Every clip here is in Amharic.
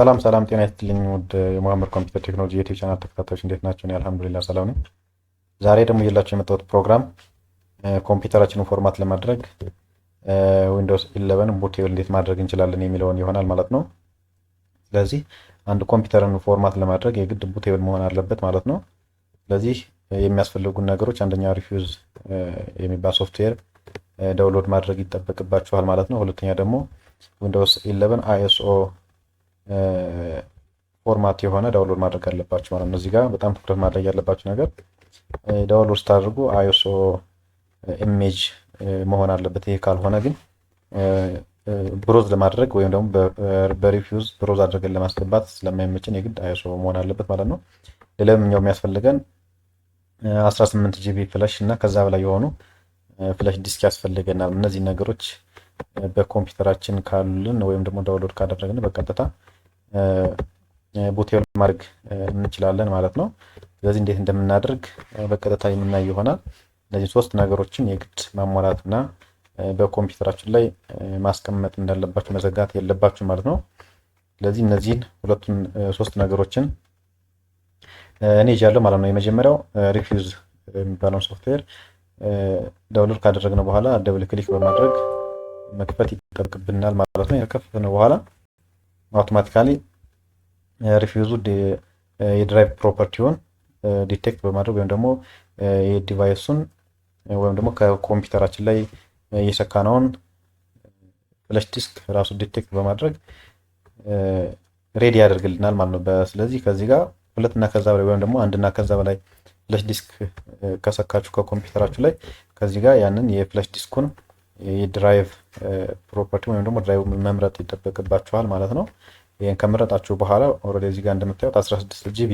ሰላም ሰላም፣ ጤና ይስጥልኝ ውድ የሙሐመድ ኮምፒውተር ቴክኖሎጂ ዩቲብ ቻናል ተከታታዮች እንዴት ናቸው? እኔ አልሐምዱሊላ ሰላም ነኝ። ዛሬ ደግሞ የላቸው የመጣሁት ፕሮግራም ኮምፒውተራችንን ፎርማት ለማድረግ ዊንዶውስ ኢለቨን ቡቴብል እንዴት ማድረግ እንችላለን የሚለውን ይሆናል ማለት ነው። ስለዚህ አንድ ኮምፒውተርን ፎርማት ለማድረግ የግድ ቡቴብል መሆን አለበት ማለት ነው። ስለዚህ የሚያስፈልጉን ነገሮች አንደኛ ሪፊውዝ የሚባል ሶፍትዌር ዳውንሎድ ማድረግ ይጠበቅባችኋል ማለት ነው። ሁለተኛ ደግሞ ዊንዶውስ ኢለቨን አይኤስኦ ፎርማት የሆነ ዳውንሎድ ማድረግ አለባችሁ ማለት ነው። እዚህ ጋር በጣም ትኩረት ማድረግ ያለባችሁ ነገር ዳውንሎድ ስታደርጉ አይሶ ኢሜጅ መሆን አለበት። ይሄ ካልሆነ ግን ብሮዝ ለማድረግ ወይም ደግሞ በሪፊውዝ ብሮዝ አድርገን ለማስገባት ስለማይመችን የግድ አይሶ መሆን አለበት ማለት ነው። ሌላኛው የሚያስፈልገን 18 ጂቢ ፍለሽ እና ከዛ በላይ የሆኑ ፍለሽ ዲስክ ያስፈልገናል። እነዚህ ነገሮች በኮምፒውተራችን ካሉልን ወይም ደግሞ ዳውንሎድ ካደረግን በቀጥታ ቦቴውን ማድረግ እንችላለን ማለት ነው። ስለዚህ እንዴት እንደምናደርግ በቀጥታ የምናይ ይሆናል። እነዚህ ሶስት ነገሮችን የግድ ማሟላትና በኮምፒውተራችን ላይ ማስቀመጥ እንዳለባችሁ መዘጋት የለባችሁ ማለት ነው። ስለዚህ እነዚህን ሁለቱን ሶስት ነገሮችን እኔ ይዣለሁ ማለት ነው። የመጀመሪያው ሪፊውዝ የሚባለውን ሶፍትዌር ዳውንሎድ ካደረግነው በኋላ ደብል ክሊክ በማድረግ መክፈት ይጠብቅብናል ማለት ነው። ከፈትነው በኋላ አውቶማቲካሊ ሪፊዙ የድራይቭ ፕሮፐርቲውን ዲቴክት በማድረግ ወይም ደግሞ የዲቫይሱን ወይም ደግሞ ከኮምፒውተራችን ላይ የሰካነውን ፍለሽ ዲስክ ራሱ ዲቴክት በማድረግ ሬዲ ያደርግልናል ማለት ነው። ስለዚህ ከዚህ ጋር ሁለትና ከዛ በላይ ወይም ደግሞ አንድ እና ከዛ በላይ ፍለሽ ዲስክ uh, ከሰካችሁ ከኮምፒውተራችሁ ላይ ከዚህ ጋር ያንን የፍለሽ ዲስኩን የድራይቭ ፕሮፐርቲ ወይም ደግሞ ድራይቭ መምረጥ ይጠበቅባችኋል ማለት ነው። ይህን ከመረጣችሁ በኋላ ኦልሬዲ እዚህ ጋር እንደምታዩት 16 ጂቢ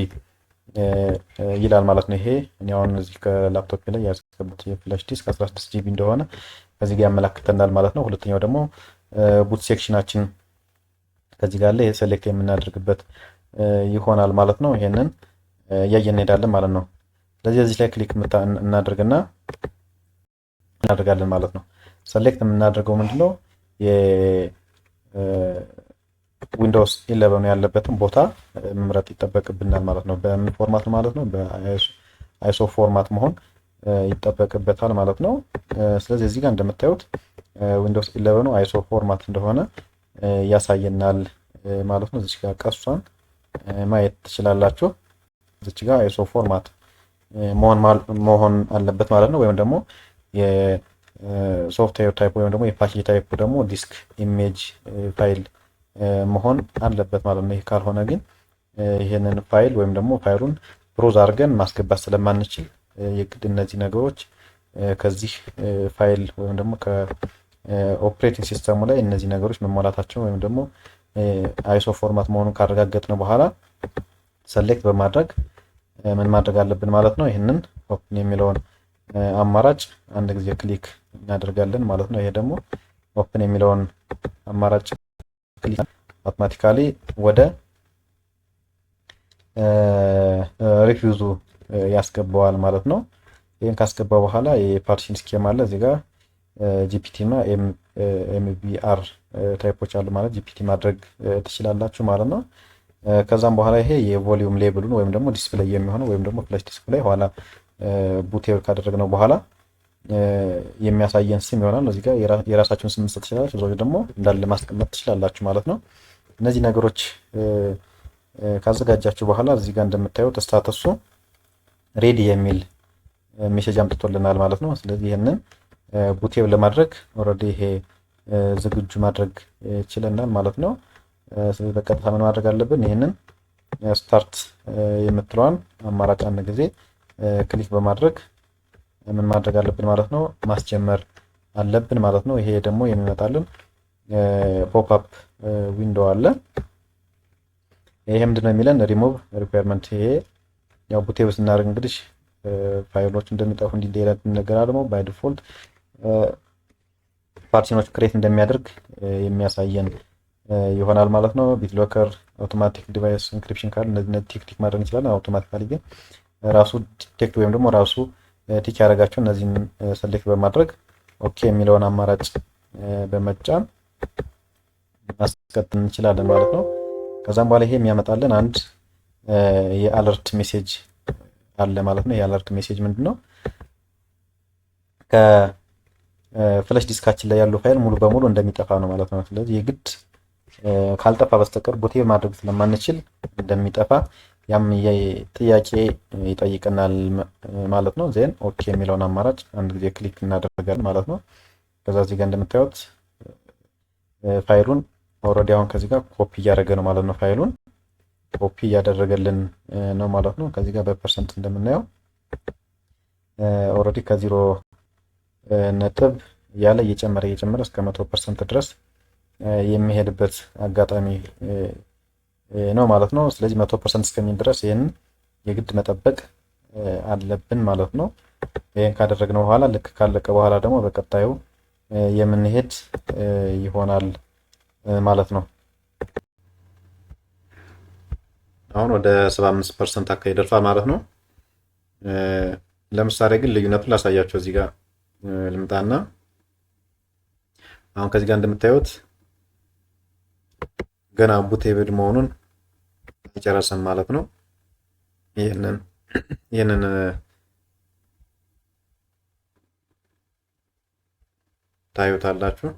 ይላል ማለት ነው። ይሄ እኔ አሁን እዚህ ከላፕቶፕ ላይ ያስገቡት የፍላሽ ዲስክ 16 ጂቢ እንደሆነ ከዚህ ጋር ያመላክተናል ማለት ነው። ሁለተኛው ደግሞ ቡት ሴክሽናችን ከዚህ ጋር ላይ ሴሌክት የምናደርግበት ይሆናል ማለት ነው። ይሄንን እያየን እንሄዳለን ማለት ነው። ስለዚህ እዚህ ላይ ክሊክ እናደርግና እናደርጋለን ማለት ነው። ሰሌክት የምናደርገው ምንድነው ዊንዶውስ ኢለቨኑ ያለበትን ቦታ መምረጥ ይጠበቅብናል ማለት ነው። በምን ፎርማት ማለት ነው? በአይሶ ፎርማት መሆን ይጠበቅበታል ማለት ነው። ስለዚህ እዚህ ጋር እንደምታዩት ዊንዶውስ ኢለቨኑ አይሶ ፎርማት እንደሆነ ያሳየናል ማለት ነው። እዚች ጋር ቀሷን ማየት ትችላላችሁ። እዚች ጋር አይሶ ፎርማት መሆን አለበት ማለት ነው። ወይም ደግሞ ሶፍትዌር ታይፕ ወይም ደግሞ የፓኬጅ ታይፕ ደግሞ ዲስክ ኢሜጅ ፋይል መሆን አለበት ማለት ነው። ይህ ካልሆነ ግን ይህንን ፋይል ወይም ደግሞ ፋይሉን ብሮዝ አድርገን ማስገባት ስለማንችል የግድ እነዚህ ነገሮች ከዚህ ፋይል ወይም ደግሞ ከኦፕሬቲንግ ሲስተሙ ላይ እነዚህ ነገሮች መሟላታቸውን ወይም ደግሞ አይሶ ፎርማት መሆኑን ነው በኋላ ሰሌክት በማድረግ ምን ማድረግ አለብን ማለት ነው። ይህንን ኦፕን የሚለውን አማራጭ አንድ ጊዜ ክሊክ እናደርጋለን ማለት ነው። ይሄ ደግሞ ኦፕን የሚለውን አማራጭ ክሊክ አውቶማቲካሊ ወደ ሪፊውዙ ያስገባዋል ማለት ነው። ይህን ካስገባ በኋላ የፓርቲሽን ስኬም አለ እዚህ ጋር ጂፒቲ እና ኤምቢአር ታይፖች አሉ ማለት ጂፒቲ ማድረግ ትችላላችሁ ማለት ነው። ከዛም በኋላ ይሄ የቮሊዩም ሌብሉን ወይም ደግሞ ዲስፕሌይ የሚሆነው ወይም ደግሞ ፍላሽ ዲስፕሌይ ኋላ ቡቴር ካደረግነው በኋላ የሚያሳየን ስም ይሆናል። እዚህ ጋር የራሳችሁን ስም መስጠት ትችላላችሁ። ብዙዎች ደግሞ እንዳለ ማስቀመጥ ትችላላችሁ ማለት ነው። እነዚህ ነገሮች ካዘጋጃችሁ በኋላ እዚህ ጋር እንደምታዩት ስታተሱ ሬዲ የሚል ሜሴጅ አምጥቶልናል ማለት ነው። ስለዚህ ይህንን ቡቴብ ለማድረግ ኦልሬዲ ይሄ ዝግጁ ማድረግ ችለናል ማለት ነው። ስለዚህ በቀጥታ ምን ማድረግ አለብን? ይህንን ስታርት የምትለዋን አማራጭ አንድ ጊዜ ክሊክ በማድረግ ምን ማድረግ አለብን ማለት ነው ማስጀመር አለብን ማለት ነው። ይሄ ደግሞ የሚመጣልን ፖፕ አፕ ዊንዶ አለ። ይሄ ምንድነው የሚለን ሪሞቭ ሪኳየርመንት። ይሄ ያው ቡቴብ ስናደርግ እንግዲህ ፋይሎች እንደሚጠፉ እንዲደለት ነገር ደግሞ ባይ ዲፎልት ፓርቲኖች ክሬት እንደሚያደርግ የሚያሳየን ይሆናል ማለት ነው። ቢትሎከር፣ አውቶማቲክ ዲቫይስ ኢንክሪፕሽን ካል እነዚህ ቲክ ማድረግ እንችላለን። አውቶማቲካሊ ግን ራሱ ዲቴክት ወይም ደግሞ ራሱ ቲክ ያደረጋቸው እነዚህን ሰሌክት በማድረግ ኦኬ የሚለውን አማራጭ በመጫን ማስቀጥል እንችላለን ማለት ነው። ከዛም በኋላ ይሄ የሚያመጣልን አንድ የአለርት ሜሴጅ አለ ማለት ነው። የአለርት ሜሴጅ ምንድን ነው? ከፍለሽ ዲስካችን ላይ ያለው ፋይል ሙሉ በሙሉ እንደሚጠፋ ነው ማለት ነው። ስለዚህ የግድ ካልጠፋ በስተቀር ቦቴ ማድረግ ስለማንችል እንደሚጠፋ ያም ጥያቄ ይጠይቀናል ማለት ነው። ዜን ኦኬ የሚለውን አማራጭ አንድ ጊዜ ክሊክ እናደርጋለን ማለት ነው። ከዛ እዚህ ጋር እንደምታዩት ፋይሉን ኦልሬዲ አሁን ከዚህ ጋር ኮፒ እያደረገ ነው ማለት ነው። ፋይሉን ኮፒ እያደረገልን ነው ማለት ነው። ከዚህ ጋር በፐርሰንት እንደምናየው ኦልሬዲ ከዜሮ ነጥብ ያለ እየጨመረ እየጨመረ እስከ መቶ ፐርሰንት ድረስ የሚሄድበት አጋጣሚ ነው ማለት ነው። ስለዚህ መቶ ፐርሰንት እስከሚል ድረስ ይህንን የግድ መጠበቅ አለብን ማለት ነው። ይህን ካደረግነው በኋላ ልክ ካለቀ በኋላ ደግሞ በቀጣዩ የምንሄድ ይሆናል ማለት ነው። አሁን ወደ 75 ፐርሰንት አካባቢ ደርሷል ማለት ነው። ለምሳሌ ግን ልዩነቱን ላሳያቸው እዚህ ጋር ልምጣና አሁን ከዚህ ጋር እንደምታዩት ገና ቡቴብል መሆኑን አይጨረስም ማለት ነው። ይህንን ይህንን ታዩታላችሁ።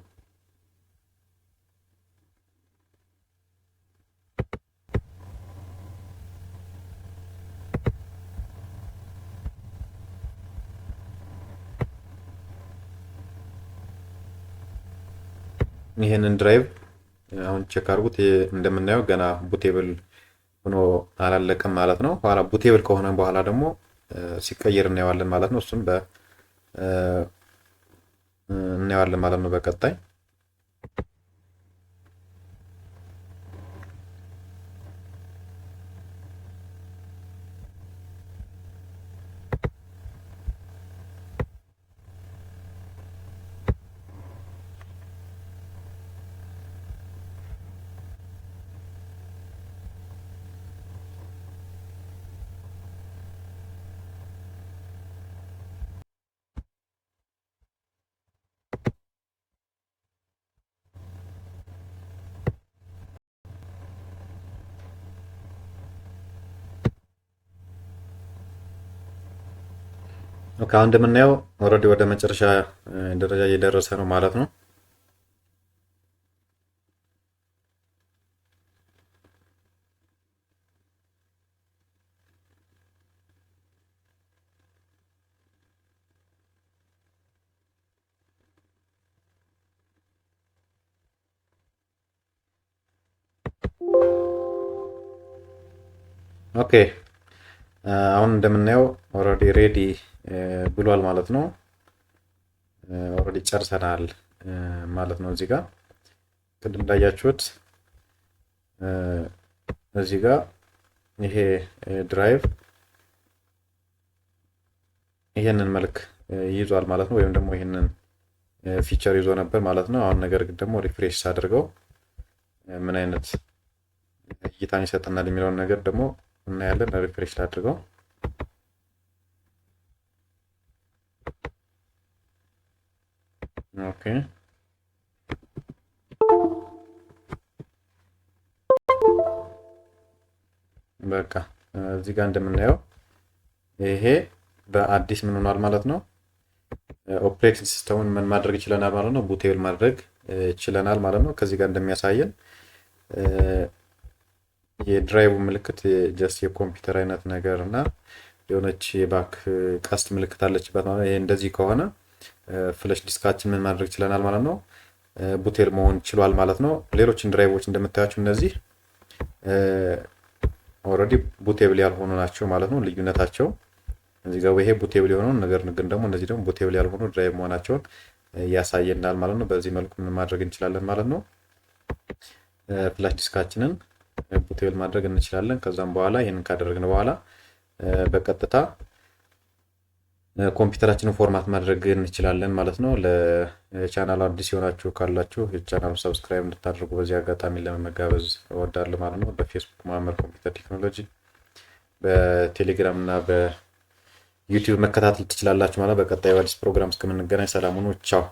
ይህንን ድራይቭ አሁን ቼክ አድርጉት። እንደምናየው ገና ቡቴብል ሆኖ አላለቀም ማለት ነው። ኋላ ቡቴብል ከሆነ በኋላ ደግሞ ሲቀየር እናየዋለን ማለት ነው። እሱም በ እናየዋለን ማለት ነው በቀጣይ Kan demen neo, ora di wadah mencer sya, indera jaya dero sya romalat Oke, okay. uh, on demen neo, ora di ready. ብሏል ማለት ነው። ኦልሬዲ ጨርሰናል ማለት ነው። እዚህ ጋር ቅድም እንዳያችሁት እዚህ ጋር ይሄ ድራይቭ ይህንን መልክ ይዟል ማለት ነው። ወይም ደግሞ ይህንን ፊቸር ይዞ ነበር ማለት ነው። አሁን ነገር ግን ደግሞ ሪፍሬሽ ሳደርገው ምን አይነት እይታን ይሰጠናል የሚለውን ነገር ደግሞ እናያለን። ሪፍሬሽ ላድርገው። Okay. በቃ እዚህ ጋር እንደምናየው ይሄ በአዲስ ምን ሆኗል ማለት ነው። ኦፕሬቲንግ ሲስተሙን ምን ማድረግ ይችለናል ማለት ነው። ቡቴብል ማድረግ ይችለናል ማለት ነው። ከዚህ ጋር እንደሚያሳየን የድራይቡ ምልክት ጀስት የኮምፒውተር አይነት ነገር እና የሆነች የባክ ቀስት ምልክት አለችበት ማለት ይሄ እንደዚህ ከሆነ ፍለሽ ዲስካችን ምን ማድረግ ችለናል ማለት ነው። ቡቴር መሆን ችሏል ማለት ነው። ሌሎችን ድራይቮች እንደምታያቸው እነዚህ ኦልሬዲ ቡቴብል ያልሆኑ ናቸው ማለት ነው። ልዩነታቸው እዚህ ጋር ይሄ ቡቴብል የሆነውን ነገር ግን ደግሞ እነዚህ ደግሞ ቡቴብል ያልሆኑ ድራይቭ መሆናቸውን ያሳየናል ማለት ነው። በዚህ መልኩ ምን ማድረግ እንችላለን ማለት ነው። ፍላሽ ዲስካችንን ቡቴብል ማድረግ እንችላለን። ከዛም በኋላ ይህንን ካደረግን በኋላ በቀጥታ ኮምፒውተራችንን ፎርማት ማድረግ እንችላለን ማለት ነው። ለቻናሉ አዲስ የሆናችሁ ካላችሁ የቻናሉ ሰብስክራይብ እንድታደርጉ በዚህ አጋጣሚ ለመመጋበዝ እወዳለሁ ማለት ነው። በፌስቡክ ማመር ኮምፒውተር ቴክኖሎጂ፣ በቴሌግራም እና በዩቲዩብ መከታተል ትችላላችሁ ማለት። በቀጣዩ አዲስ ፕሮግራም እስከምንገናኝ ሰላም ሁኑ። ቻው